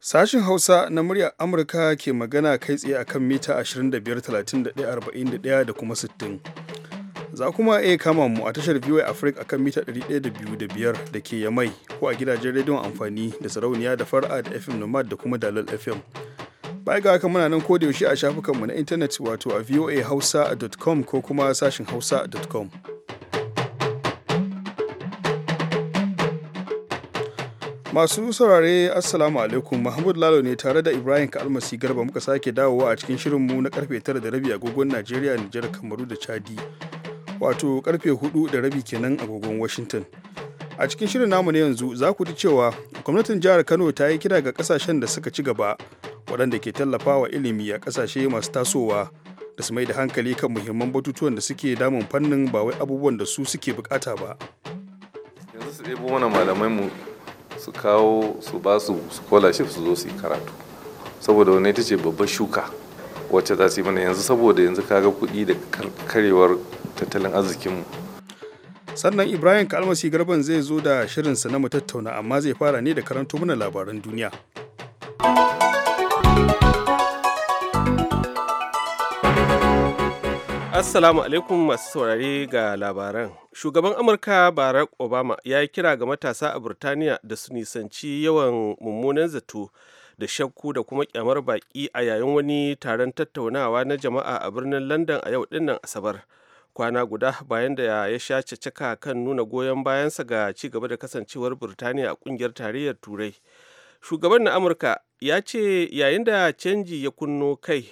sashen Hausa na muryar Amurka ke magana kai tsaye akan mita 25,31,41 da kuma 60. Za kuma iya kama mu a tashar VOA Africa akan mita 102.5 da ke Yamai ko a gidajen rediyon amfani da sarauniya da fara da FM Nomad da kuma Dalal FM. bai ga haka muna nan yaushe a shafukanmu na intanet wato a voahausa.com ko kuma sashin hausa.com. Masu saurare Assalamu alaikum Mahmud Lalo ne tare da Ibrahim Kalmasi Garba muka sake dawowa a cikin mu na karfe 9 da rabi agogon Najeriya, Nijar, Kamaru da Chadi. Wato karfe 4 da rabi kenan agogon Washington. A cikin shirin namu na yanzu za ku ji cewa gwamnatin jihar Kano ta yi kira ga kasashen da suka ci gaba waɗanda ke tallafa wa ilimi a ƙasashe masu tasowa da su mai da hankali kan muhimman batutuwan da suke damun fannin ba wai abubuwan da su suke bukata ba yanzu su ɗebo mana malamai mu su kawo su ba su scholarship su zo su yi karatu saboda wani ita ce babbar shuka wacce za su yi mana yanzu saboda yanzu ka ga kuɗi da karewar tattalin arzikinmu sannan ibrahim kalmasi garban zai zo da shirinsa na mu tattauna amma zai fara ne da karanto mana labaran duniya Assalamu alaikum masu saurare ga labaran. Shugaban Amurka Barack Obama ya yi kira ga matasa a Burtaniya da su nisanci yawan mummunan zato da shakku da kuma kyamar baki a yayin wani taron tattaunawa na jama'a a birnin London a yau dinnan Asabar. Kwana guda bayan da ya sha caka kan nuna goyon bayansa ga ci gaba da kasancewar Burtaniya a kungiyar tarayyar Turai. Shugaban na Amurka ya ce yayin da canji ya kunno kai.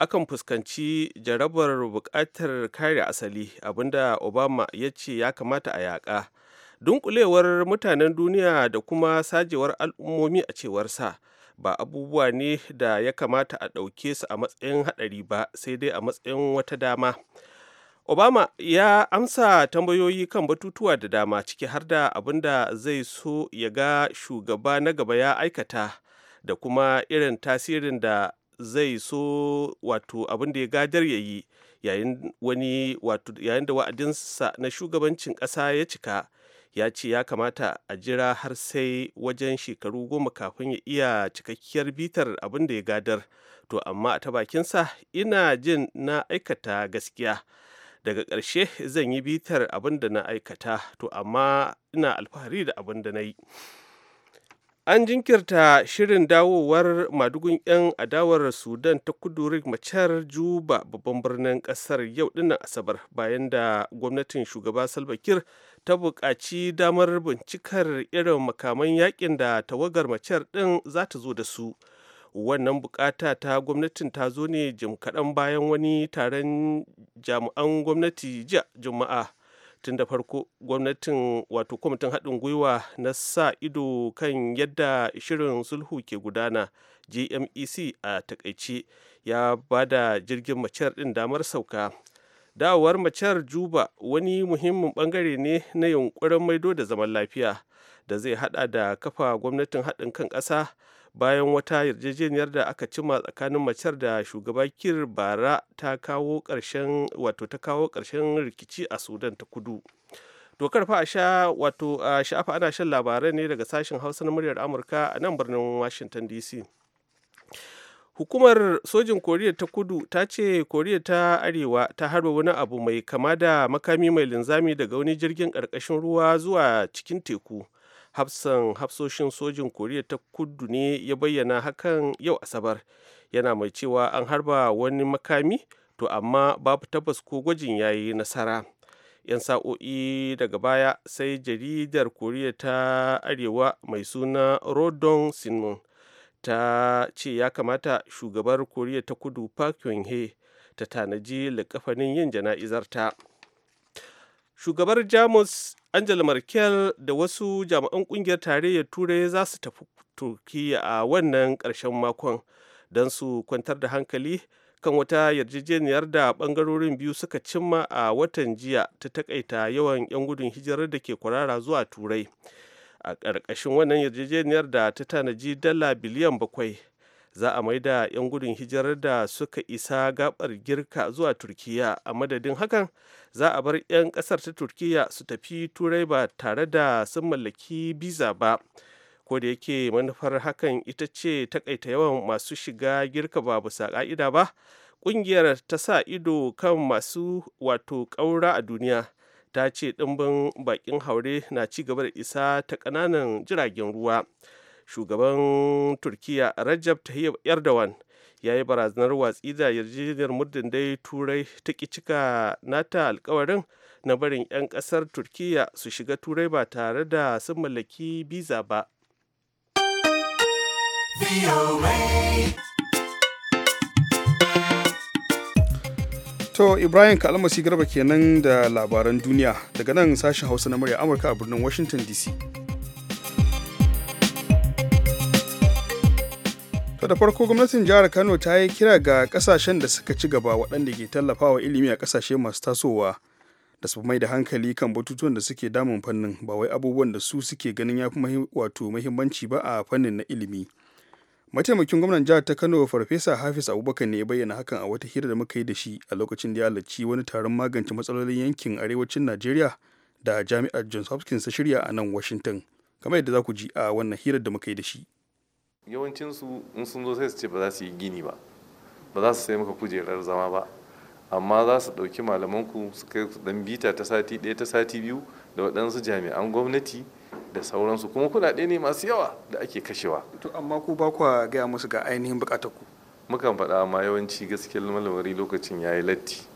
akan fuskanci jarabar buƙatar kare asali abinda obama ya ce ya kamata a yaƙa dunkulewar mutanen duniya da kuma sajewar al'ummomi a cewarsa ba abubuwa ne da ya kamata a ɗauke su a matsayin haɗari ba sai dai a matsayin wata dama obama ya amsa tambayoyi kan batutuwa da dama ciki har da abin da zai so ya ga shugaba na gaba ya aikata da kuma irin tasirin da zai so wato abin da ya gadar ya yi yayin da wa'adinsa na shugabancin ƙasa ya cika ya ce ya kamata a jira har sai wajen shekaru goma kafin ya iya cikakkiyar bitar abin da ya gadar to amma a ta bakinsa ina jin na aikata gaskiya daga ƙarshe zan yi bitar abin da na aikata to amma ina alfahari da abin da na yi an jinkirta shirin dawowar madugun 'yan adawar sudan ta kudu macar juba babban birnin kasar yau dinnan asabar bayan da gwamnatin shugaba salbakir ta buƙaci damar bincikar irin makaman yakin da tawagar macar ɗin za ta zo da su wannan bukata ta gwamnatin ta zo ne jim kaɗan bayan wani taron jami'an gwamnati jiya juma'a tun da farko gwamnatin wato kwamitin haɗin gwiwa na sa ido kan yadda shirin sulhu ke gudana gmec a takaice ya ba da jirgin macer ɗin damar sauka dawowar macer juba wani muhimmin bangare ne na yunkurin maido da zaman lafiya da zai haɗa da kafa gwamnatin haɗin kan ƙasa bayan wata yarjejeniyar da aka cima tsakanin macer da shugaba kir bara ta kawo ƙarshen wato ta kawo ƙarshen rikici a sudan ta kudu dokar fa a sha wato a sha'afa ana shan labarai ne daga sashen hausa na muryar amurka a nan birnin washington dc hukumar sojin koriya ta kudu ta ce koriya ta arewa ta harba wani abu mai kama da makami mai linzami daga wani jirgin ƙarƙashin ruwa zuwa cikin teku hafsan hafsoshin sojin koriya ta kudu ne ya bayyana hakan yau asabar yana mai cewa an harba wani makami to amma babu tabbas ko gwajin ya yi nasara yan sa'o'i daga baya sai jaridar koriya ta arewa mai suna rodon sinmun ta ce ya kamata shugabar koriya ta kudu park he ta tanaji likafanin yin jana'izarta shugabar jamus angela merkel da wasu jami'an kungiyar tarayyar turai za su tafi Turkiyya a wannan ƙarshen makon don su kwantar da hankali kan wata yarjejeniyar da ɓangarorin biyu suka cimma a watan jiya ta takaita yawan 'yan gudun hijirar da ke kwarara zuwa turai a ƙarƙashin wannan yarjejeniyar da ta tanaji dala biliyan bakwai za a maida 'yan gudun hijirar da suka isa gabar girka zuwa turkiya a madadin hakan za a bar 'yan kasar ta turkiya su tafi turai ba tare da sun mallaki biza ba ko da yake manufar hakan ita ce takaita yawan masu shiga girka ba bisa ka'ida ba kungiyar ta sa ido kan masu wato ƙaura a duniya ta ce ɗimbin bakin haure na cigaba da isa ta ƙananan jiragen ruwa shugaban turkiya rajab tayyip erdogan ya yi barazanar watsi da yarjejeniyar muddin dai turai ta ki cika nata alkawarin na barin 'yan kasar turkiya su shiga turai ba tare da sun mallaki biza ba To Ibrahim Kalmasi Garba kenan da labaran duniya daga nan sashen Hausa na murya Amurka a birnin Washington DC. To da farko gwamnatin jihar Kano ta yi kira ga kasashen da suka ci gaba waɗanda ke tallafawa ilimi a kasashe masu tasowa da su mai da hankali kan batutuwan da suke damun fannin ba wai abubuwan da su suke ganin ya fi wato muhimmanci ba a fannin na ilimi. Mataimakin gwamnan jihar ta Kano Farfesa Hafiz Abubakar ne ya bayyana hakan a wata hira da muka yi da shi a lokacin da ya halarci wani taron magance matsalolin yankin arewacin Najeriya da jami'ar Johns Hopkins ta shirya a nan Washington. Kamar yadda za ku ji a wannan hirar da muka yi da shi. yawancinsu in sun zo sai su ce ba za su yi gini ba ba za su sai muka kujerar zama ba amma za su ɗauki malamanku su kai dan bita ta sati ɗaya ta sati biyu da waɗansu jami'an gwamnati da sauransu kuma kuɗaɗe ne masu yawa da ake kashewa to amma ku ba kwa gaya musu ga ainihin buƙatar mukan faɗa amma yawanci gaskiyar malamari lokacin ya yi latti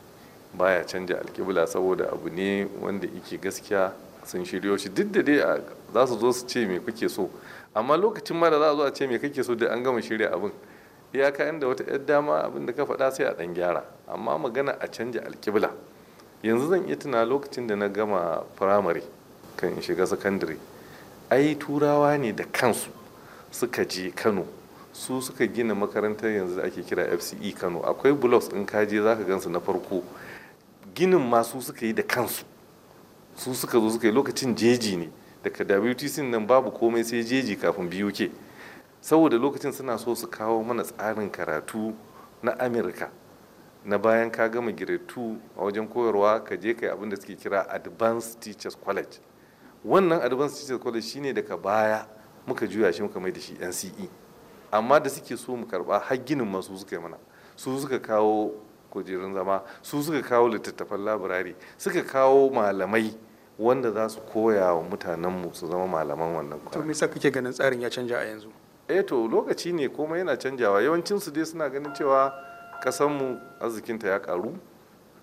baya canja alƙibla saboda abu ne wanda yake gaskiya sun shiryo shi duk da dai za su zo su ce me kuke so amma lokacin ma da za a zo a ce me kake so da an gama shirya abin ya iyaka inda wata yar dama abin da ka faɗa sai a ɗan gyara amma magana a canja alƙibla yanzu zan iya tuna lokacin da na gama firamare kan in shiga sakandare ai turawa ne da kansu suka je kano su suka gina makarantar yanzu da ake kira fce kano akwai blocks in ka je zaka gansu na farko ginin ma su suka yi da kansu su suka zo suka yi lokacin jeji ne daga wtc nan babu komai sai jeji kafin buk saboda lokacin suna so su kawo mana tsarin karatu na amurka na bayan ka gama giretu a wajen koyarwa ka je kai abin da suke kira advanced teachers college wannan advanced teachers college shine daga baya muka juya shi muka mai da shi nce amma da suke so mu karba har ginin masu suka yi mana su suka kawo kujerun zama su suka kawo littattafan labirari suka kawo malamai wanda za su koya wa mutanenmu su zama malaman wannan kwana. to me yasa kake ganin tsarin ya canja a yanzu eh to lokaci ne komai yana canjawa yawancin su dai suna ganin cewa kasanmu arzikinta ya karu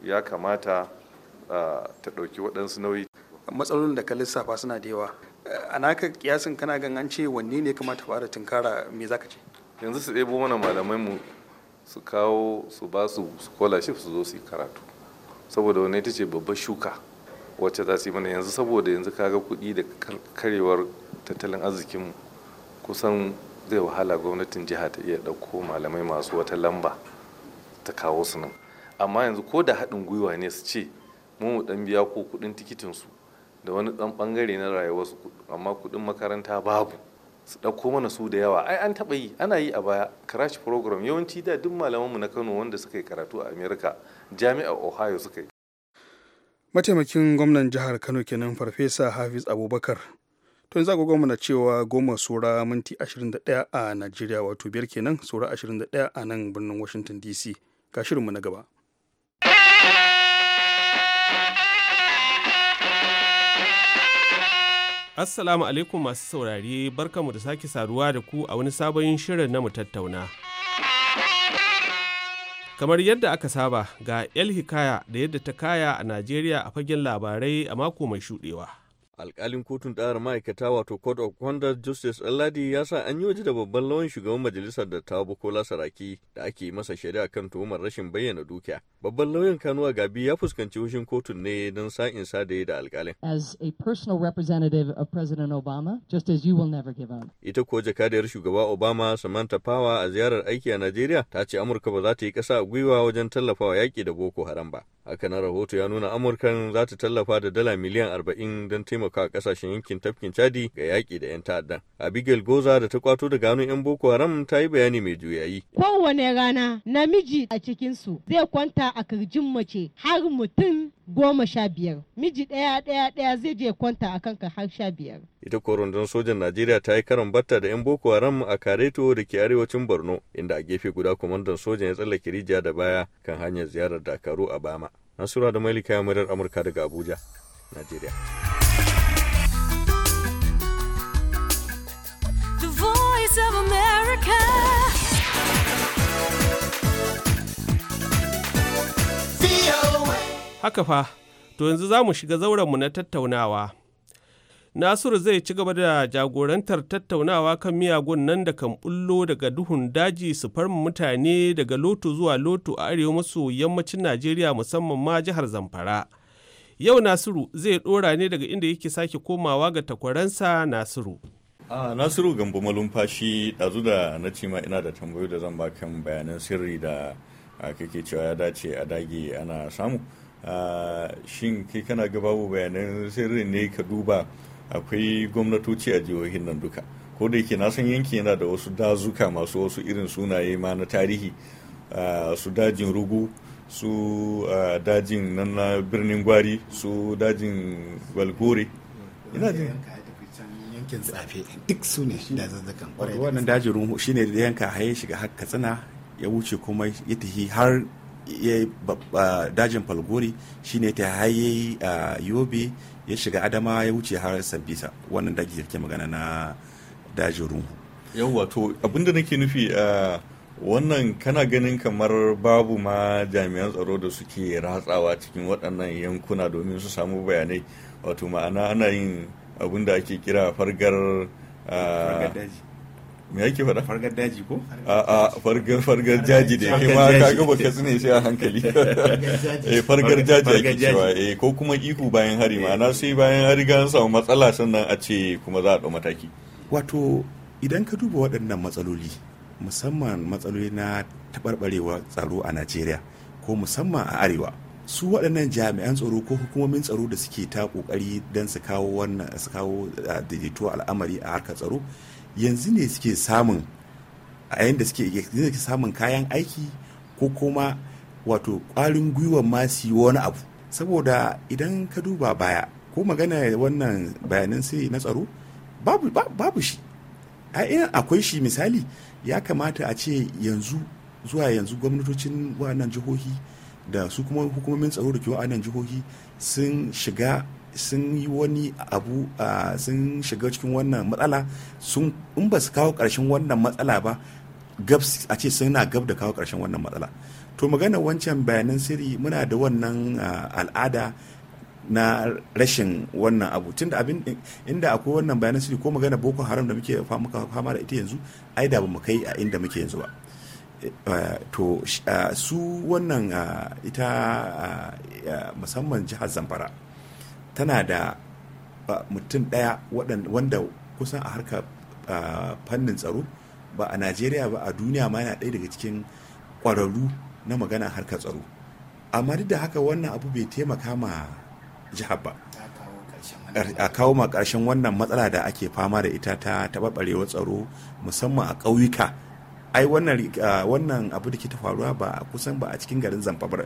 ya kamata ta ɗauki waɗansu nauyi matsalolin da ka lissafa suna da yawa a naka kiyasin kana gan an ce wanne ne kamata fara tunkara me zaka ce yanzu su ɗebo mana malamai mu su kawo su ba su scholarship su zo su yi karatu saboda wani ita ce babbar shuka wacce za su yi mana yanzu saboda yanzu kaga kuɗi da karewar tattalin arzikinmu kusan zai wahala gwamnatin jiha ta iya dauko malamai masu wata lamba ta kawo su nan amma yanzu ko da haɗin gwiwa ne su ce mu ɗan biya ko kuɗin tikitinsu da wani ɗan ɓangare na rayuwarsu amma kuɗin makaranta babu su ɗauko mana su da yawa ai an taɓa yi ana yi a baya crash program yawanci da duk malamanmu na kano wanda suka yi karatu a america jami'ar ohio suka yi mataimakin gwamnan jihar kano kenan farfesa hafiz abubakar to yanzu ga gwamna cewa goma sura minti 21 a najeriya wato biyar kenan sura 21 a nan birnin washington dc ga shirinmu na gaba assalamu alaikum masu saurari. barkamu da sake saduwa da ku a wani sabon shirin na mu tattauna kamar yadda aka saba ga el hikaya da yadda ta kaya a najeriya a fagen labarai a mako mai shuɗewa. alkalin kotun ɗahar ma'aikata wato court of conduct justice alladi ya sa an yi waje da babban lawan shugaban majalisar da ta bukola saraki da ake masa shari'a kan tuhumar rashin bayyana dukiya babban lauyan kanuwa gabi ya fuskanci hushin kotun ne don sa'in sa da da alkalin as a personal representative of president obama just as you will never give up ita ko jakadiyar shugaba obama samantha power a ziyarar aiki a najeriya ta ce amurka ba za ta yi kasa a gwiwa wajen tallafawa yaki da boko haram ba haka na rahoto ya nuna amurkan za ta tallafa da dala miliyan 40 don taimakawa kasashen yankin tafkin chadi ga yaƙi da 'yan ta'adda abigail goza da ta kwato da ganun 'yan boko haram ta yi bayani mai juyayi kowane rana namiji a cikinsu zai kwanta a kirjin mace har mutum goma sha biyar miji ɗaya ɗaya ɗaya zai je kwanta a kanka har sha biyar. ita ko rundun sojan najeriya ta yi karan batta da 'yan boko haram a kareto da ke arewacin borno inda a gefe guda kwamandan sojan ya tsallake rijiya da baya kan hanyar ziyarar dakaru a bama nasura da mailika ya murar amurka daga abuja najeriya. Haka fa, to yanzu za mu shiga mu na tattaunawa. Nasiru zai ci gaba da jagorantar tattaunawa kan miyagun nan da kan bullo daga duhun daji su farma mutane daga loto zuwa loto a arewa maso yammacin Najeriya musamman ma jihar Zamfara. Yau Nasiru zai ɗora ne daga inda yake sake komawa ga takwaransa Nasiru. a Nasiru Gambo malumfashi ɗazu da na ce ma ina da tambayoyi da zan bakan bayanan sirri da kake cewa ya dace a dage ana samu. shin kai kana ga bayanan sirri ne ka duba akwai gwamnatoci a jihohin nan duka ko da yake na san yanki yana da wasu dazuka masu wasu irin sunaye ma na tarihi su dajin rugu su dajin nan na birnin gwari su dajin gwalgore ina jin yankin tsafe duk su ne zazzakan kwarai wannan dajin rugu shine da yanka haye shiga har katsina ya wuce kuma ya tafi har ya yi dajin falgori shine ta haye a yobe ya shiga adama ya wuce har sabisa wannan daji da magana na dajin runhu yawwa to abinda nake nufi a wannan kana ganin kamar babu ma jami'an tsaro da suke ratsawa cikin waɗannan yankuna domin su samu bayanai wato ma'ana ana yin abinda ake kira fargar me yake faɗa fargar daji ko a a fargar fargar jaji da ke ma kaga baka tsine sai a hankali eh fargar jaji ake cewa eh ko kuma ihu bayan hari eh. na sai bayan hari ga an samu matsala sannan a ce kuma za a ɗau mataki wato idan ka duba waɗannan matsaloli musamman matsaloli na taɓarɓarewa tsaro a najeriya ko musamman a arewa su waɗannan jami'an tsaro ko hukumomin tsaro da suke ta ƙoƙari don su kawo wannan su kawo ah, daidaito al'amari a harkar tsaro yanzu ne suke samun a yayin da suke samun kayan aiki ko kuma wato kwarin gwiwar ma su yi wani abu saboda idan ka duba baya ko magana wannan bayanan sai na tsaro babu, shi a yin akwai shi misali ya kamata a ce yanzu zuwa yanzu gwamnatocin wannan jihohi da su kuma hukumomin tsaro da ke wa'annan jihohi sun shiga sun yi wani abu sun shiga cikin wannan matsala sun in ba su kawo ƙarshen wannan matsala ba gab a ce suna gab da kawo karshen wannan matsala to magana wancan bayanan sirri muna da wannan al'ada na rashin wannan abu tunda abin inda akwai wannan bayanan sirri ko magana boko haram da muke fama da ita yanzu ai da bamu kai a inda muke yanzu ba e, to su wannan ita musamman jihar zamfara tana da mutum ɗaya wanda kusan a harka fannin tsaro ba a najeriya ba a duniya ma yana ɗaya daga cikin ƙwararru na magana harka tsaro amma duk da haka wannan abu bai taimaka ma jihar ba a kawo ma ƙarshen wannan matsala da ake fama da ita ta taɓarɓarewar tsaro musamman a ƙauyuka ai wannan ah, wannan abu da ke ta faruwa ba kusan ba a cikin garin zamfara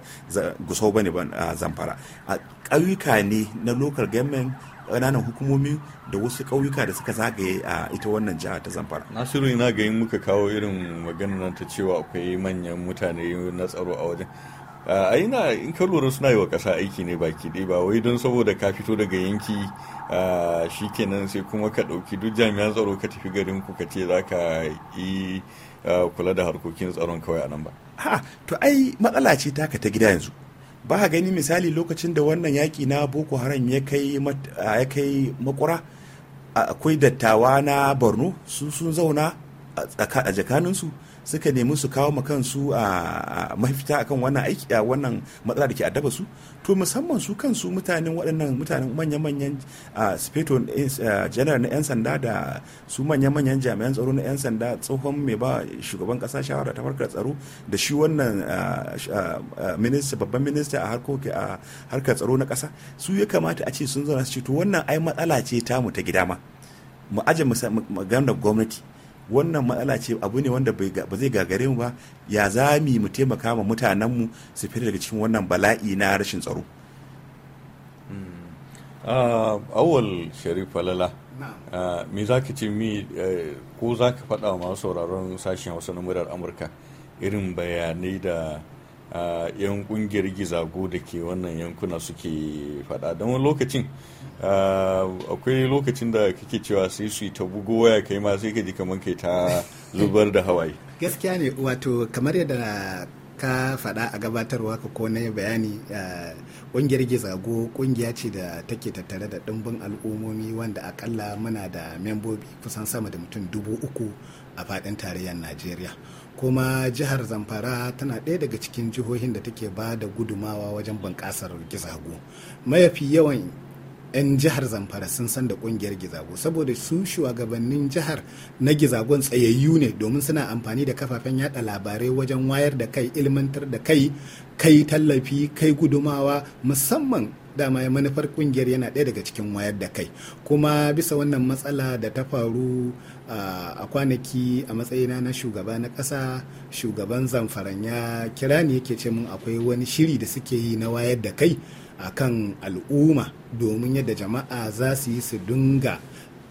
gusau ne ba ah, zamfara a ƙauyuka ne na local government ƙananan hukumomi da wasu ƙauyuka da suka zagaye a ah, ita wannan jiha ta zamfara nasiru ina ga muka kawo irin maganar ta cewa akwai manyan mutane na tsaro a wajen a ina in ka lura suna yi wa ƙasa aiki ne baki ɗaya ba wai don saboda ka fito daga yanki Ah, shi kenan sai kuma ka ɗauki duk jami'an tsaro ka tafi garin ku ka ce za ka yi ah, kula da harkokin tsaron kawai a nan ba. Ha, to ai matsala ce taka ta gida yanzu. Ba ka gani misali lokacin da wannan yaƙi na Boko Haram ya kai makura ah, akwai dattawa na Borno sun sun zauna a jakaninsu. suka nemi su kawo ma kansu a mafita akan wannan aiki a wannan matsala da ke addaba su to musamman su kansu mutanen waɗannan mutanen manya-manyan speto general na 'yan sanda da su manya-manyan jami'an tsaro na 'yan sanda tsohon mai ba shugaban ƙasa shawara ta farkar tsaro da shi wannan minista babban minista a harkar tsaro na ƙasa su ya kamata a ce sun zauna su ce to wannan ai matsala ce mu ta gida ma mu aje maganar gwamnati wannan matsala ce abu ne wanda ba zai gagare mu ba ya za mu taimaka ma mutanenmu su fita daga cikin wannan bala'i na rashin tsaro hmm. awal ah, sharif falala ah, me za ka ce mi eh, ko za ka faɗa masu sauraron sashen Hausa na murar amurka irin bayanai da yan kungiyar gizago da ke wannan yankuna suke fada don wani lokacin akwai lokacin da kake cewa sai su yi ta bugo waya kai ma sai ka ji kamar kai ta zubar da hawaye gaskiya ne wato kamar yadda ka fada a gabatarwa ka ko na bayani kungiyar gizago kungiya ce da take tattare da dimbin al'ummomi wanda akalla muna da membobi kusan sama da mutum dubu uku a faɗin tarayyar najeriya kuma jihar zamfara tana ɗaya daga cikin jihohin da take ba da gudumawa wajen bunƙasar gizago mayafi yawan 'yan jihar zamfara sun san da ƙungiyar gizago saboda su shugabannin jihar na gizagon tsayayyu ne domin suna amfani da kafafen yada labarai wajen wayar da kai ilmantar da kai kai tallafi kai gudumawa musamman dama ya manufar kungiyar yana ɗaya daga cikin wayar da kai kuma bisa wannan matsala da ta faru a kwanaki a matsayina na shugaba na ƙasa shugaban zamfaran ya kira ne yake ce mun akwai wani shiri da suke yi na wayar da kai a kan al'umma domin yadda jama'a za su yi su dinga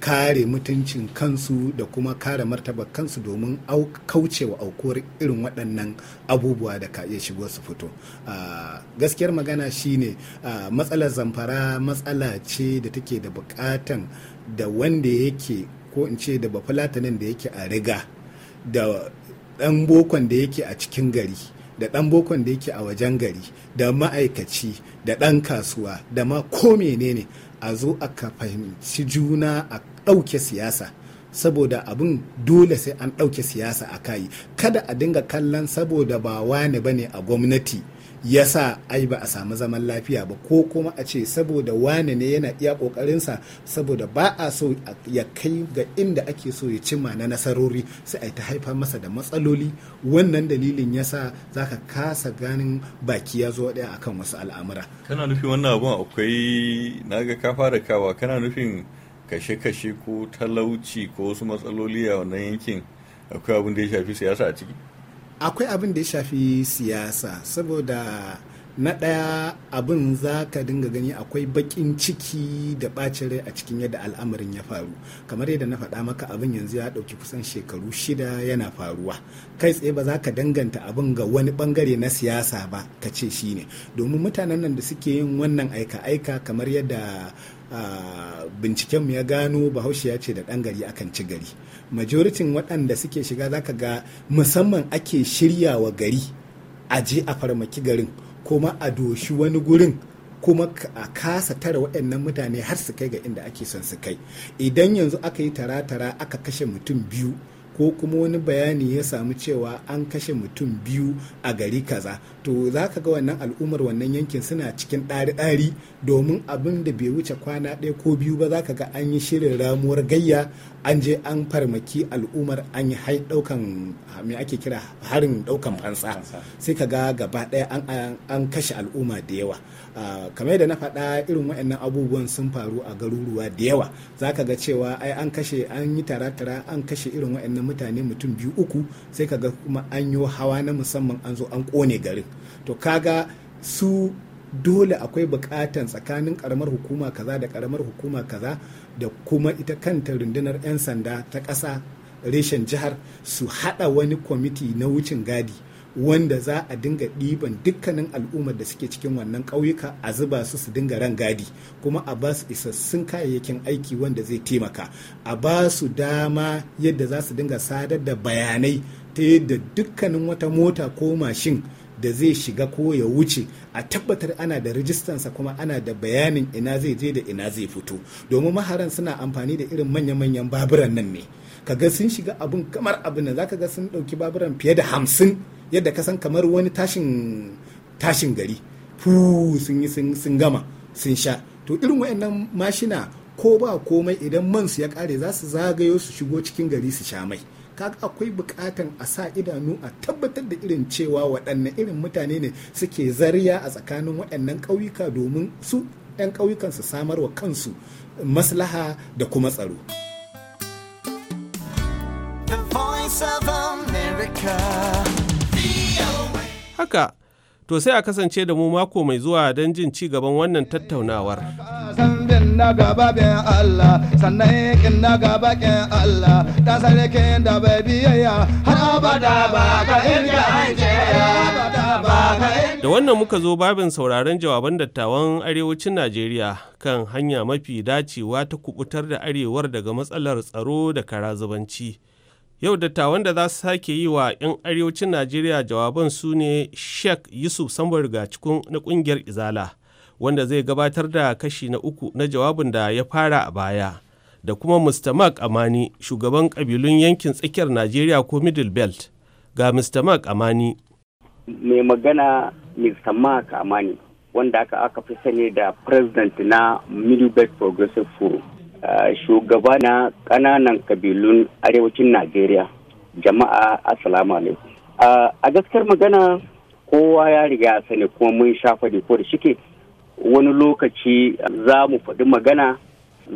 kare mutuncin kansu da kuma kare martaba kansu domin kaucewa aukuwar irin waɗannan abubuwa da ka iya shigo su fito ah, gaskiyar magana shine ah, matsalar zamfara matsala ce da take da bukatan da wanda yake ko in ce da bafulatanin da yake a riga da ɗan bokon da yake a cikin gari da ɗan bokon da yake a wajen gari da ma'aikaci da ɗan kasuwa da ma ko menene a zo aka fahimci juna a ɗauke siyasa saboda abin dole sai an ɗauke siyasa a kayi kada a dinga kallon saboda ba wani bane a gwamnati ya sa ai ba a samu zaman lafiya ba ko kuma a ce saboda wani ne yana iya kokarinsa saboda ba a so ya kai ga inda ake so ya cimma na nasarori sai a ta haifar masa da matsaloli wannan dalilin ya sa za ka kasa ganin baki ya zo daya akan wasu al'amura kana nufin wannan abun akwai na ga ka fara kawa kana nufin kashe-kashe ko talauci ko wasu matsaloli a wannan yankin akwai abin da ya shafi siyasa a ciki akwai abin da ya shafi siyasa saboda na ɗaya abin za ka dinga gani akwai baƙin ciki da ɓacin rai a cikin yadda al'amarin ya faru kamar yadda na faɗa maka abin yanzu ya ɗauki kusan shekaru shida yana faruwa kai tsaye ba za ka danganta abin ga wani ɓangare na siyasa ba ka ce shi ne domin mutanen nan da suke yin wannan aika-aika kamar yadda bincikenmu ya gano bahaushe ya ce da ɗan gari akan ci gari majoritin waɗanda suke shiga zaka ga musamman ake shirya wa gari a je a farmaki garin kuma a doshi wani gurin kuma a kasa tara waɗannan mutane har su kai ga inda ake son su kai idan yanzu aka yi tara-tara aka kashe mutum biyu ko kuma wani bayani ya samu cewa an kashe mutum biyu a gari kaza to za ka ga wannan al'ummar wannan yankin suna cikin ɗari-ɗari domin abin da bai wuce kwana ɗaya ko biyu ba za ka ga an yi shirin ramuwar gayya an je an farmaki al'ummar an yi hai ɗaukan me ake kira harin ɗaukan fansa sai ka ga gaba ɗaya an kashe al'umma da yawa Ah, kamar da na faɗa irin waɗannan abubuwan sun faru a garuruwa da yawa za ka ga cewa ai an kashe an yi tara-tara an kashe irin waɗannan mutane mutum biyu uku sai ka ga kuma an yi hawa na musamman an zo an ƙone garin to kaga su dole akwai bukatan tsakanin karamar hukuma kaza da karamar hukuma kaza da kuma ita kanta rundunar 'yan sanda ta ƙasa reshen jihar su haɗa wani kwamiti na wucin gadi wanda za a dinga ɗiban dukkanin al'ummar da suke cikin wannan ƙauyuka a zuba su su dinga ran gadi kuma a ba su isassun kayayyakin aiki wanda zai taimaka a ba su dama yadda za su dinga sadar da bayanai ta yadda dukkanin wata mota ko mashin da zai shiga ko ya wuce a tabbatar ana da rijistansa kuma ana da bayanin ina zai je da ina zai fito domin maharan suna amfani da irin manya-manyan baburan nan ne kaga sun shiga abin kamar abin nan zaka ga sun ɗauki baburan fiye da hamsin yadda ka san kamar wani tashin gari fu sun yi sun gama sun sha to irin wayannan mashina ko ba komai idan man su ya kare za su zagayo su shigo cikin gari su sha mai kaga akwai bukatan a sa idanu a tabbatar da irin cewa waɗanne irin mutane ne suke zariya a tsakanin waɗannan ƙauyuka domin su ɗan ƙauyukan su samar wa kansu maslaha da kuma tsaro. The voice of America. haka to sai a kasance da mu mako mai zuwa don jin ci gaban wannan tattaunawar. Da wannan muka zo babin sauraron jawaban dattawan arewacin Najeriya kan hanya mafi dacewa ta kubutar da arewar daga matsalar tsaro da karazubanci. Yau dattawan da za su sake yi wa 'yan arewacin Najeriya jawaban su ne Sheikh Yusuf Sambar Gacikun na ƙungiyar Izala, wanda zai gabatar da kashi na uku na jawabin da ya fara a baya, da kuma Mr. Mark Amani, shugaban kabilun yankin tsakiyar Najeriya ko Middle Belt. Ga Mr. Mark Amani. Mai magana Mr. Mark Amani, wanda aka aka fi sani da President na Middle Belt Progressive Forum. shugaba na kananan kabilun arewacin Najeriya. Jama'a Assalamu alaikum. A gaskiyar magana kowa ya riga ya sani kuma mun sha faɗi ko da shike wani lokaci za mu faɗi magana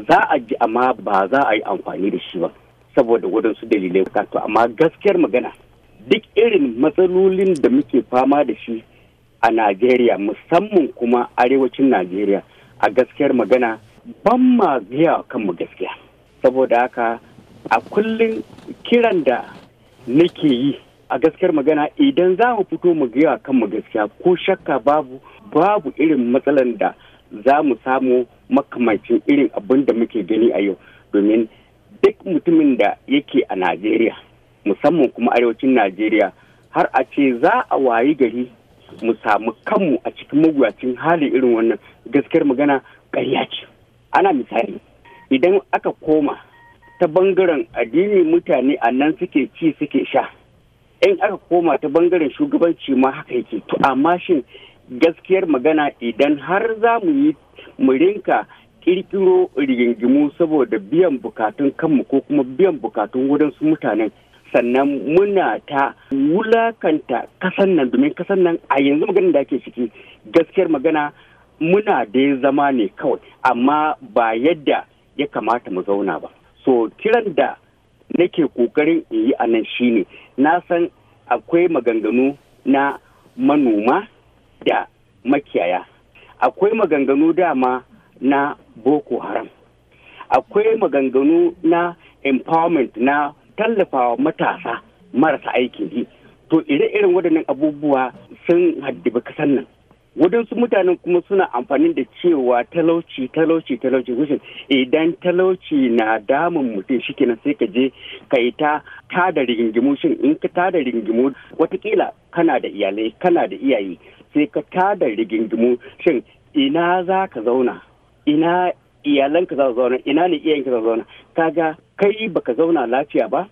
za a ji amma ba za a yi amfani da shi ba saboda waɗansu dalilai to amma gaskiyar magana duk irin matsalolin da muke fama da shi a Najeriya musamman kuma arewacin Najeriya a gaskiyar magana ban ma biya kanmu gaskiya saboda haka a kullum kiran da nake yi a gaskiyar magana idan za mu fito mu biya kanmu gaskiya ko shakka babu babu irin matsalan da za mu samu makamancin irin abin da muke gani a yau domin duk mutumin da yake a najeriya musamman kuma arewacin najeriya har a ce za a wayi gari mu samu kanmu a cikin mawuyacin hali irin wannan gaskiyar magana ƙarya ce ana misali idan aka koma ta bangaren addini mutane a nan suke ci suke sha in aka koma ta bangaren shugabanci ma haka yake to amma shin gaskiyar magana idan har za mu yi murinka kirkiro rigingimu saboda biyan bukatun kanmu ko kuma biyan bukatun wadansu mutanen sannan muna ta wulakanta kasan nan domin kasan nan a yanzu maganin da ake ciki gaskiyar magana muna dai zama ne kawai amma ba yadda ya kamata mu zauna ba so kiran da nake kokarin in yi anan nan shine na san akwai maganganu na manoma da makiyaya akwai maganganu dama na boko haram akwai maganganu na empowerment na tallafawa matasa marasa aikin yi to ire-iren waɗannan abubuwa sun haddibi kasan nan wadansu mutanen kuma suna amfani da cewa talauci talauci talauci kushin idan talauci na damun mutum shi kenan sai ka je ka yi ta tada rigingimu shin in ka tada rigingimu watakila kana da iyalai kana da iyaye sai ka tada rigingimu shin ina za ka zauna ina iyalanka za su zauna ina ne iyayenka za su zauna kaga kai baka zauna lafiya ba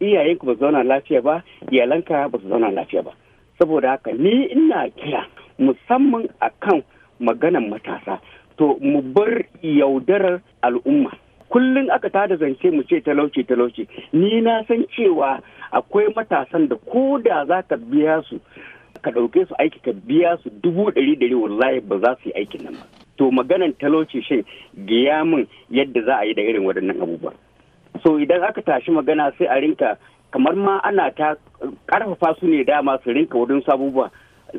iyayenka ba zauna lafiya ba iyalanka ba su zauna lafiya ba saboda haka ni ina kira musamman a kan maganan matasa to mu bar yaudarar al'umma kullum aka tada zance mu ce talauci talauci ni na san cewa akwai matasan da ko da za ka biya su ka ɗauke su aiki ka biya su dubu ɗari ɗari wallahi ba za su yi aikin nan ba to maganan talauci shi gaya min yadda za a yi da irin waɗannan abubuwa so idan aka tashi magana sai a rinka kamar ma ana ta ƙarfafa su ne dama su rinka waɗansu abubuwa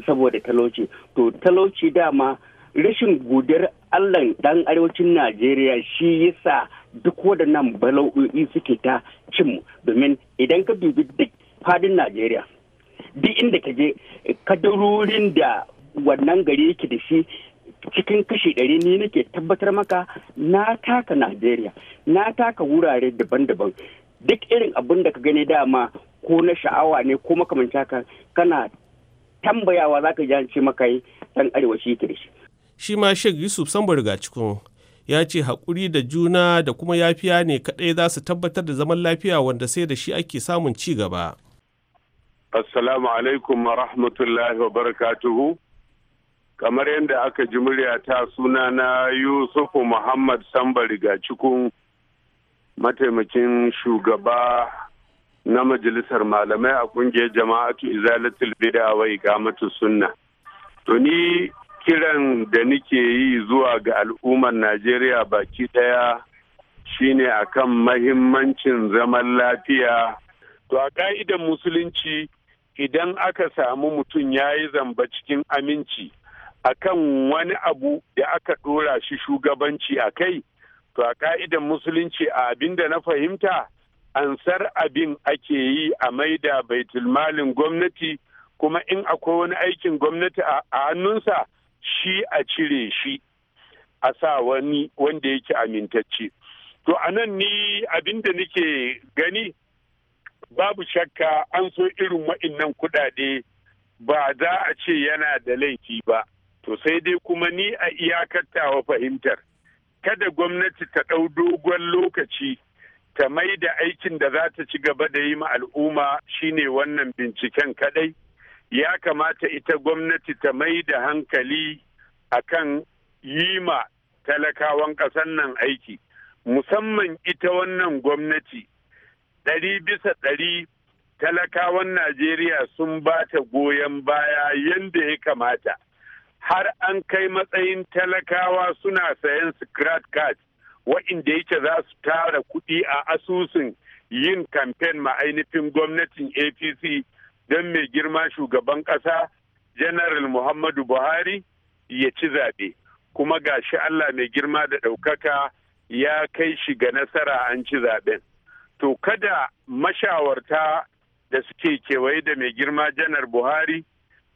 saboda talauci to talauci dama rashin gudar allan dan arewacin najeriya shi yasa duk waɗannan bala'o'i suke ta cin domin idan ka dubi duk fadin najeriya duk inda ka je kadarorin da wannan gari yake da shi cikin kashi ɗari ni nake tabbatar maka na taka najeriya na taka wurare daban-daban duk irin abin da ka gani dama ko na sha'awa ne ko makamanci haka kana tambayawa za ka ji maka yi dan arewa shi da shi. Shi ma Sheikh Yusuf Sambarga cikin ya ce haƙuri da juna da kuma yafiya ne kaɗai za su tabbatar da zaman lafiya wanda sai da shi ake samun ci gaba. Assalamu alaikum wa rahmatullahi wa barakatuhu. Kamar yadda aka ji murya ta suna na Yusufu Muhammad Sambari ga cikin mataimakin shugaba na majalisar malamai a kungiyar jama'atu izalatul bid'a wa ikamatu sunna to ni kiran da nike yi zuwa ga al'ummar Najeriya baki daya shine akan mahimmancin zaman lafiya to a ka'idan musulunci idan aka samu mutum ya yi zamba cikin aminci akan wani abu da aka dora shi shugabanci a kai to a ka'idan musulunci a abin da na fahimta ansar abin ake yi a maida Tilmalin gwamnati kuma in akwai wani aikin gwamnati a hannunsa shi a cire shi a sa wani wanda yake amintacce to anan ni abin da nake gani babu shakka an so irin wa'innan kudade. ba za a ce yana da laifi ba to sai dai kuma ni a iyakar wa fahimtar kada gwamnati ta ɗau dogon lokaci ta mai da aikin da za ta ci gaba da yi ma al'umma shine wannan binciken kadai ya kamata ita gwamnati ta mai da hankali akan yi ma talakawan ƙasar nan aiki musamman ita wannan gwamnati ɗari bisa ɗari talakawan najeriya sun ba ta goyon baya yadda ya kamata har an kai matsayin talakawa suna sayan scratch card waɗanda yake za su tara kuɗi a asusun yin kamfen ma'ainifin gwamnatin apc don mai girma shugaban ƙasa janaral muhammadu buhari ya ci zaɓe kuma ga shi allah mai girma da ɗaukaka ya kai shi ga nasara an ci zaɓen to kada mashawarta da suke kewaye da mai girma janar buhari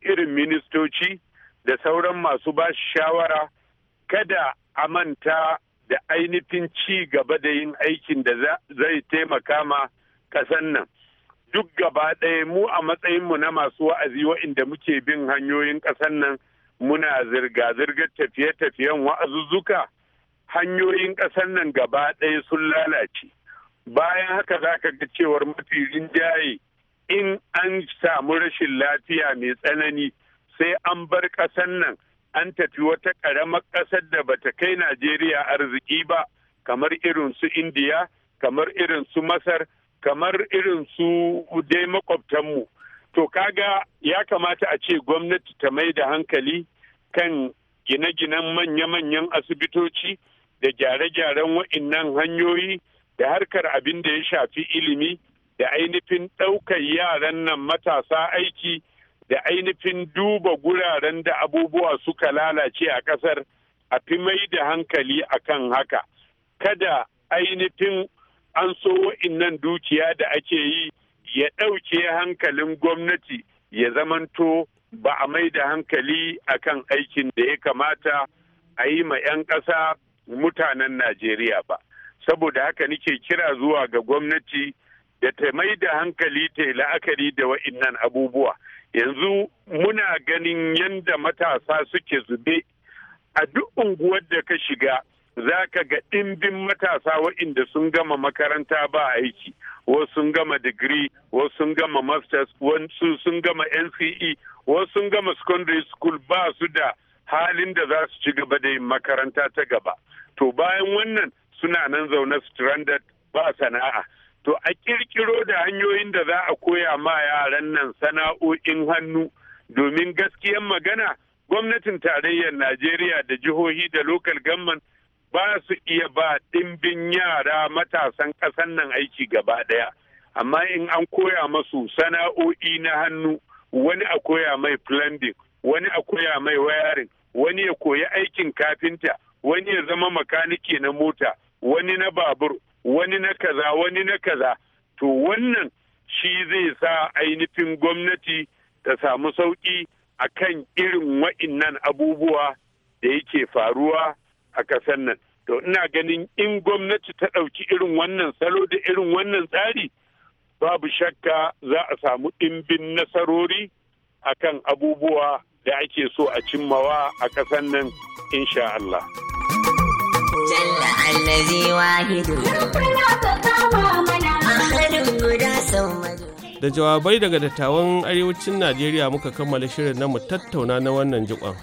irin ministoci da sauran masu ba shawara kada a manta da ainihin ci gaba da yin aikin da zai taimaka ma kasan nan duk gaba ɗaya mu a matsayinmu na masu wa'azi wa'inda muke bin hanyoyin ƙasan nan muna zirga-zirgar tafiye-tafiyen wa'azuzzuka hanyoyin ƙasan nan gaba ɗaya sun lalace bayan haka za ka ga cewar mafi rinjaye in an samu rashin lafiya mai tsanani sai an bar ƙasan nan an tafi wata ƙaramar ƙasar da bata kai Najeriya arziki ba kamar irin su Indiya, kamar irin su Masar, kamar irin su dai mu. To kaga ya kamata a ce gwamnati ta mai da hankali kan gine-ginen manya-manyan asibitoci da gyare-gyaren wa'innan hanyoyi da harkar abin da ya shafi ilimi da ainihin ɗaukar yaran nan matasa aiki. da ainihin duba guraren da abubuwa suka lalace a ƙasar a fi mai da hankali a kan haka kada ainihin an so wa'innan dukiya da ake yi ya ɗauke hankalin gwamnati ya zamanto ba a mai da hankali a kan aikin da ya kamata a yi ma 'yan ƙasa mutanen Najeriya ba. Saboda haka nike kira zuwa ga gwamnati da ta mai da hankali ta la'akari da wa'innan abubuwa. yanzu muna ganin yadda matasa suke zube a duk unguwar da ka shiga za ka ga ɗimbin matasa waɗanda sun gama makaranta ba aiki wasu sun gama digiri wasu sun gama masters wasu sun gama nce wasu sun gama secondary school ba su da halin da za su ci gaba da yin makaranta ta gaba to bayan wannan suna nan zaune stranded ba sana'a to a kirkiro da hanyoyin da za a koya ma yaran nan sana'o'in hannu domin gaskiyan magana gwamnatin tarayyar najeriya da jihohi da lokal gamman ba su iya ba ɗimbin yara matasan ƙasan nan aiki gaba ɗaya amma in an koya masu sana'o'i na hannu wani a koya mai planning, wani a koya mai wayarin wani ya koyi aikin kafinta wani ya zama makaniki na mota wani na babur wani na kaza wani na kaza to wannan shi zai sa ainihin gwamnati ta samu sauƙi a kan irin wa'innan abubuwa da yake faruwa a ƙasar nan to ina ganin in gwamnati ta ɗauki irin wannan salo da irin wannan tsari babu shakka za a samu ɗimbin nasarori akan abubuwa da ake so a cimmawa a ƙasar nan insha Allah. allazi wahidu da jawabai daga dattawan arewacin najeriya muka kammala shirin namu tattauna na wannan jikon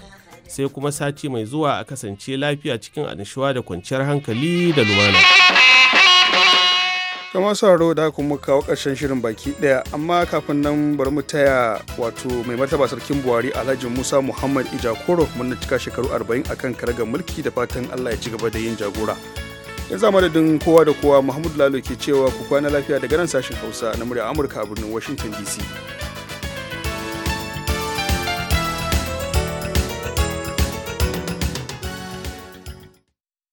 sai kuma sati mai zuwa a kasance lafiya cikin annashuwa da kwanciyar hankali da lumana. da sauraro haro da kuma kawo karshen shirin baki ɗaya amma kafin nan bari mu taya wato mai martaba sarkin buhari alhaji musa muhammad ijakoro mun cika shekaru 40 akan karagar mulki da fatan allah ya ci gaba da yin jagora yanzu madadin kowa da kowa muhammadu lalo ke cewa ku kwana lafiya daga nan sashen hausa na murya amurka a birnin washington dc